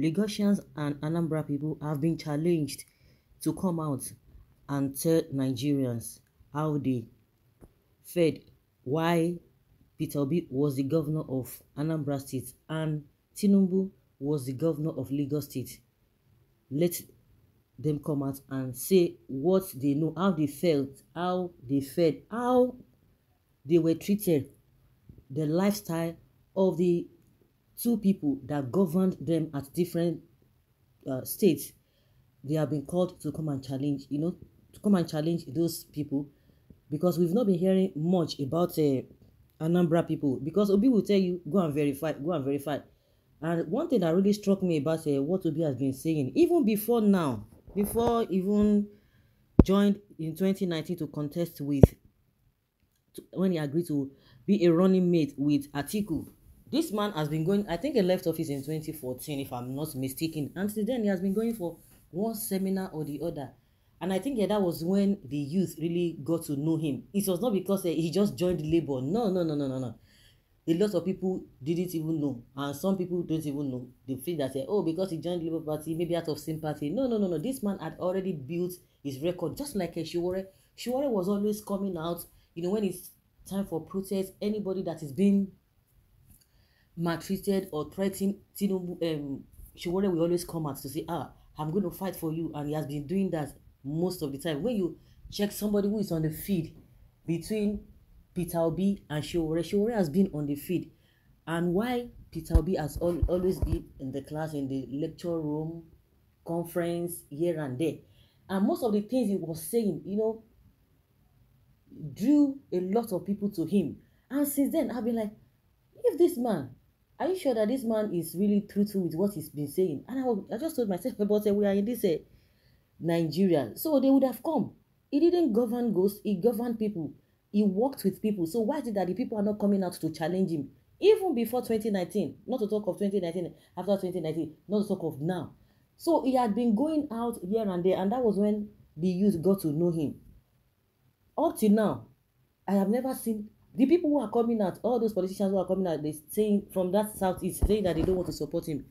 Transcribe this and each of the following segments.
Lagosians and Anambra people have been challenged to come out and tell Nigerians how they fed why Peter Obi was the governor of Anambra State and Tinubu was the governor of Lagos State. Let them come out and say what they know, how they felt, how they fed, how they were treated, the lifestyle of the two people that governed them at different uh, states, they have been called to come and challenge, you know, to come and challenge those people because we've not been hearing much about a uh, Anambra people because Obi will tell you, go and verify, go and verify. And one thing that really struck me about uh, what Obi has been saying, even before now, before even joined in 2019 to contest with, to, when he agreed to be a running mate with Atiku, This man has been going, I think he left office in 2014, if I'm not mistaken. And since then, he has been going for one seminar or the other. And I think yeah, that was when the youth really got to know him. It was not because uh, he just joined Labour. No, no, no, no, no, no. A lot of people didn't even know. And some people don't even know. the thing that, say, eh, oh, because he joined Labour Party, maybe out of sympathy. No, no, no, no. This man had already built his record, just like Eshiwore. Eh, Eshiwore was always coming out. You know, when it's time for protest, anybody that is being maltreated or threatened Tinubu, um, Shiwore will always come out to say, ah, I'm going to fight for you. And he has been doing that most of the time. When you check somebody who is on the feed between Peter Obi and Shiwore, Shiwore has been on the feed. And why Peter Obi has al always been in the class, in the lecture room, conference, here and there. And most of the things he was saying, you know, drew a lot of people to him. And since then, I've been like, if this man are you sure that this man is really truthful with what he's been saying and I, I just told myself about it eh, we are in this uh, Nigeria so they would have come he didn't govern ghosts he governed people he worked with people so why is it that the people are not coming out to challenge him even before 2019 not to talk of 2019 after 2019 not to talk of now so he had been going out here and there and that was when the youth got to know him up till now i have never seen the people who are coming out, all those politicians who are coming out, they saying from that south southeast saying that they don't want to support him.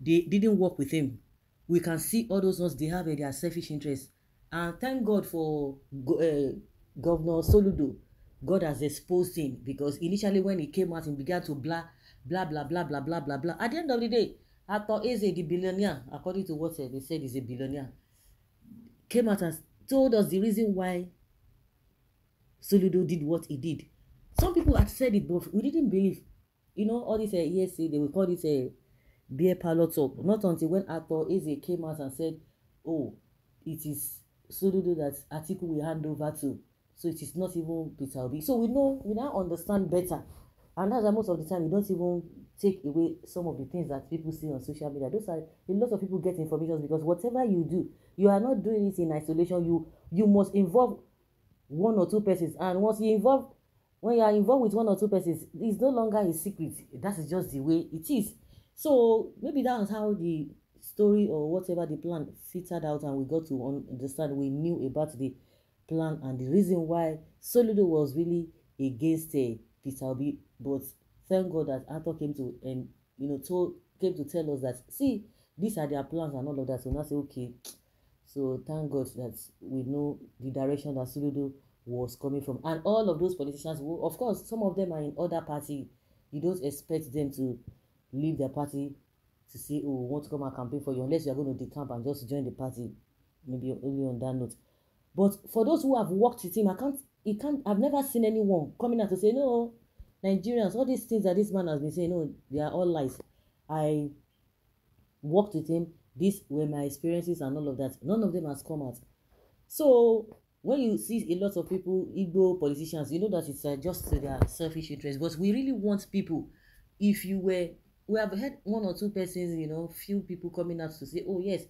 They didn't work with him. We can see all those ones they have their selfish interests. And thank God for uh, Governor Soludo. God has exposed him because initially when he came out, he began to blah, blah, blah, blah, blah, blah, blah, blah. At the end of the day, Ato Eze, the billionaire, according to what uh, they said, is a billionaire, came out and told us the reason why Soludo did what he did. Some people had said it, but we didn't believe. You know, all this uh, ESA, they will call it a uh, beer parlor talk. Not until when actor Eze came out and said, oh, it is Soludo that article we hand over to. So it is not even Peter Obi. So we know, we now understand better. And that's why most of the time, we don't even take away some of the things that people see on social media. Those are a lot of people get information because whatever you do, you are not doing it in isolation. You you must involve one or two persons and once you involve when you are involved with one or two persons it's no longer a secret that is just the way it is so maybe that's how the story or whatever the plan filtered out and we got to understand we knew about the plan and the reason why soludo was really against uh, peter obi but thank god that arthur came to and you know told came to tell us that see these are their plans and all of that so now say okay So thank God that we know the direction that Soludo was coming from. And all of those politicians, will, of course, some of them are in other party. You don't expect them to leave their party to say, oh, we want to come and campaign for you, unless you are going to decamp and just join the party. Maybe only on that note. But for those who have worked with him, I can't, he can't, I've never seen anyone coming out to say, no, Nigerians, all these things that this man has been saying, no, they are all lies. I worked with him This were my experiences and all of that none of them has come out so when you see a lot of people igbo politicians you know that it's uh, just to their selfish interest but we really want people if you were we have had one or two persons you know few people coming out to say oh yes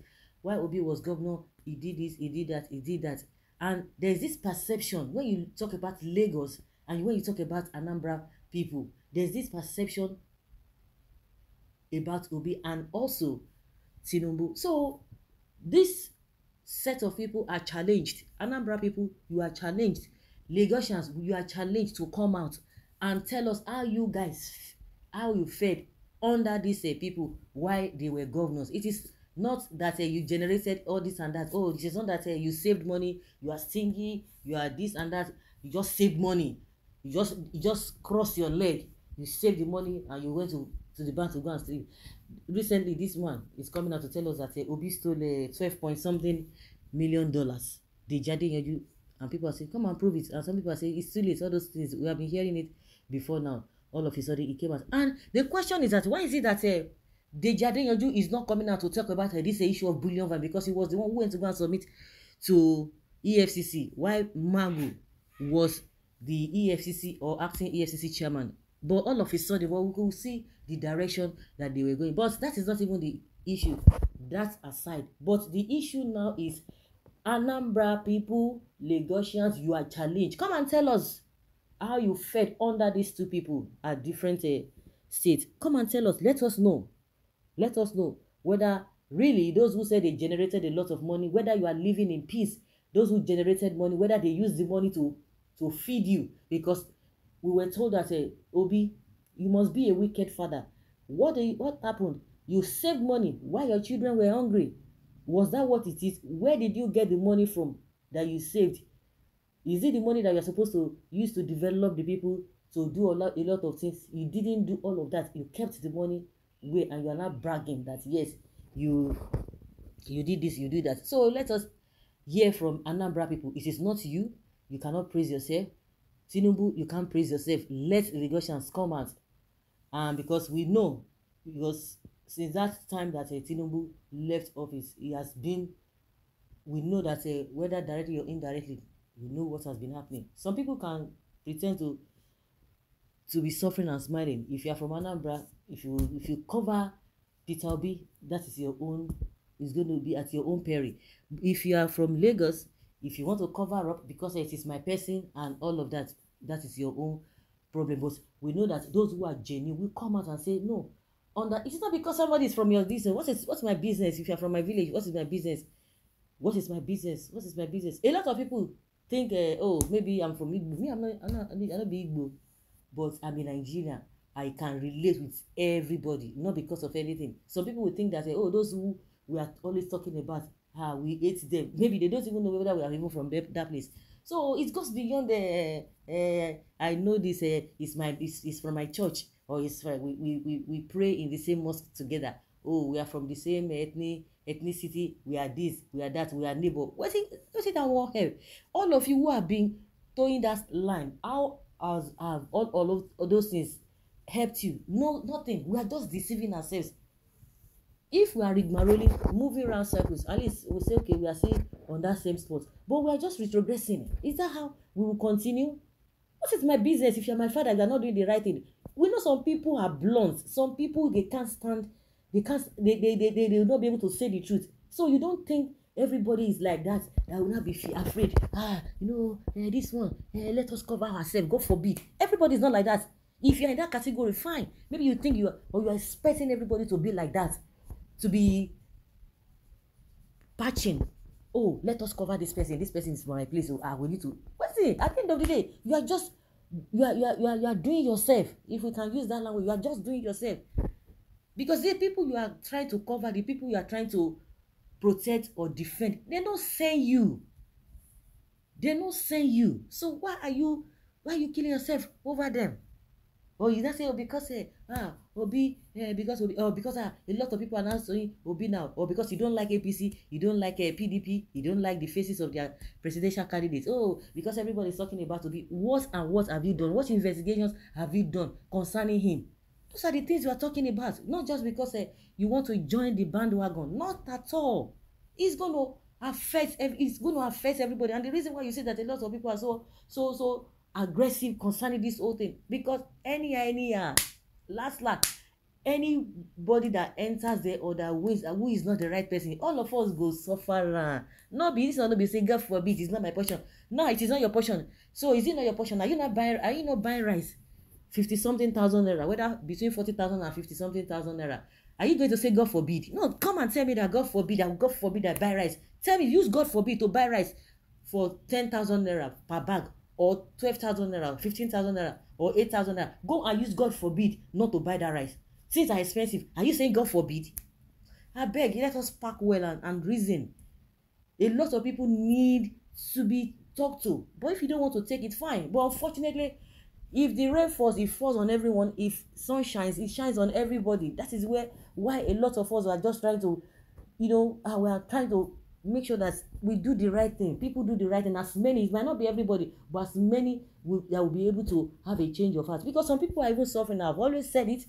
why obi was governor he did this he did that he did that and there's this perception when you talk about lagos and when you talk about anambra people there's this perception about obi and also Tinubu. So this set of people are challenged. Anambra people, you are challenged. Lagosians, you are challenged to come out and tell us how you guys, how you fared under these uh, people while they were governors. It is not that uh, you generated all this and that. Oh, it is not that uh, you saved money. You are stingy. You are this and that. You just saved money. You just you just cross your leg. You save the money and you went to to the bank to go and sleep recently this one is coming out to tell us that uh, Obi stole uh, twelve point something million dollars Dejade Yanju and people are saying come and prove it and some people are saying it's too late all those things we have been hearing it before now all of a sudden it came out and the question is that why is it that uh, eh, Dejade Yanju is not coming out to talk about uh, this uh, issue of bullion van because he was the one who went to go and submit to EFCC while Magu was the EFCC or acting EFCC chairman But all of a sudden, well, we could see the direction that they were going. But that is not even the issue. That aside. But the issue now is Anambra people, Lagosians, you are challenged. Come and tell us how you fed under these two people at different uh, states. Come and tell us. Let us know. Let us know whether really those who said they generated a lot of money, whether you are living in peace, those who generated money, whether they use the money to to feed you because we were told that uh, Obi, you must be a wicked father. What you, what happened? You saved money while your children were hungry. Was that what it is? Where did you get the money from that you saved? Is it the money that you are supposed to use to develop the people to do a lot, a lot of things? You didn't do all of that. You kept the money away and you are now bragging that yes, you you did this, you did that. So let us hear from Anambra people. It is not you. You cannot praise yourself. Tinubu, you can't praise yourself. Let regressions come out. And because we know, because since that time that uh, Tinubu left office, he has been, we know that uh, whether directly or indirectly, you know what has been happening. Some people can pretend to to be suffering and smiling. If you are from Anambra, if you if you cover Peter Obi, that is your own, is going to be at your own peril. If you are from Lagos, if you want to cover up because it is my person and all of that, that is your own problem. But we know that those who are genuine will come out and say, no, on that it's not because somebody is from your business. What is what's my business? If you are from my village, what is my business? What is my business? What is my business? A lot of people think, uh, oh, maybe I'm from Igbo. Me, I'm not, I'm not, I'm not be Igbo, but I'm in Nigeria. I can relate with everybody, not because of anything. Some people will think that, uh, oh, those who we are always talking about, ah, we hate them. Maybe they don't even know whether we are even from that place so it goes beyond the uh, i know this uh, is my is, is from my church or is from we, we we we pray in the same mosque together oh we are from the same ethnic ethnicity we are this we are that we are neighbor wetin wetin that wan help all of you who have been towing that line how has have all all of those things helped you no nothing we are just deceiving ourselves if we are rigmaroling moving round circles at least we say okay we are still on that same spot but we are just retrogressing is that how we will continue what is my business if you are my father and you are not doing the right thing we know some people are blunt some people they can't stand they can't they they they they, they will not be able to say the truth so you don't think everybody is like that that will not be afraid ah you know eh, this one eh, let us cover ourselves god forbid everybody is not like that if you are in that category fine maybe you think you are or you are expecting everybody to be like that to be patching oh let us cover this person this person is from my place oh ah we need to person at the end of the day you are just you are you are you are, you are doing yourself if we can use that language you are just doing yourself because the people you are trying to cover the people you are trying to protect or defend they no send you they no send you so why are you why are you killing yourself over them or oh, you now say oh because eh ah obi eh because obi oh because ah a lot of people are now saying obi now or oh, because you don't like apc you don't like eh, pdp you don't like the faces of their presidential candidates oh because everybody is talking about obi what and what have you done what investigations have you done concerning him those are the things we are talking about not just because eh, you want to join the bandwagon not at all it's gonna affect it's gonna affect everybody and the reason why you say that a lot of people are so so so aggressive concerning this whole thing because anyhow anyhow uh, last last anybody that enters there or that wins who is not the right person all of us go suffer am no be this one no be say god forbid It's not my portion no it is not your portion so is it not your portion are you not buying are you not buying rice fifty something thousand naira whether between forty thousand and fifty something thousand naira are you going to say god forbid no come and tell me that god forbid that god forbid i buy rice tell me use god forbid to buy rice for ten thousand naira per bag or twelve thousand naira fifteen thousand naira or eight thousand naira go and use god forbid not to buy that rice things are expensive are you saying god forbid abeg let us pack well and and reason a lot of people need to be talked to but if you don't want to take it fine but unfortunately if the rain falls it falls on everyone if sun shines it shines on everybody that is where why a lot of us are just trying to you know ah, we are trying to make sure that we do the right thing people do the right thing as many it might not be everybody but as many will that will be able to have a change of heart because some people are even suffering i've always said it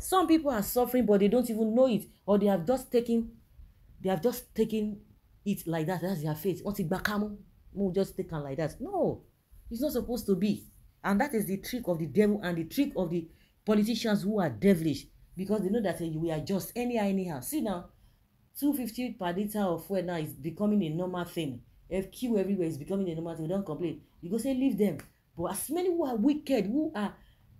some people are suffering but they don't even know it or they have just taken they have just taken it like that that's their fate Once it gba kámú just taken like that no it's not supposed to be and that is the trick of the devil and the trick of the politicians who are devilish because they know that uh, we are just anyhow anyhow see now two fifty per litre of fuel now is becoming a normal thing fq everywhere is becoming a normal thing we don complain you go say leave them but as many who are wicked who are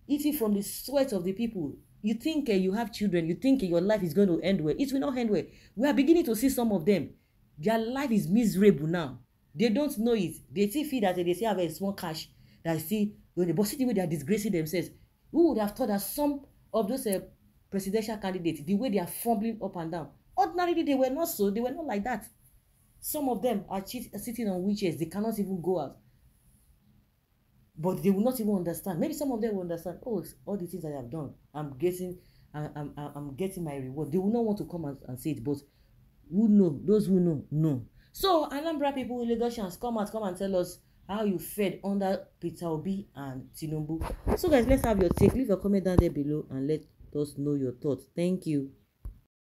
eating from the sweat of the people you think uh, you have children you think uh, your life is going to end well it will not end well we are beginning to see some of them their life is miserable now they don't know it they still feel that eh, they still have a small cash that still going but see the way they are disgracing themselves who would have thought that some of those uh, presidential candidates the way they are fumbling up and down Ordinarily, they were not so. They were not like that. Some of them are sitting on wheelchairs. They cannot even go out. But they will not even understand. Maybe some of them will understand. Oh, all the things that I have done, I'm getting, I'm, I'm, I'm getting my reward. They will not want to come and, and say it. But who know? Those who know, know. So Anambra people, Lagosians, come out, come and tell us how you fed under Peter Obi and Tinubu. So guys, let's have your take. Leave your comment down there below and let us know your thoughts. Thank you.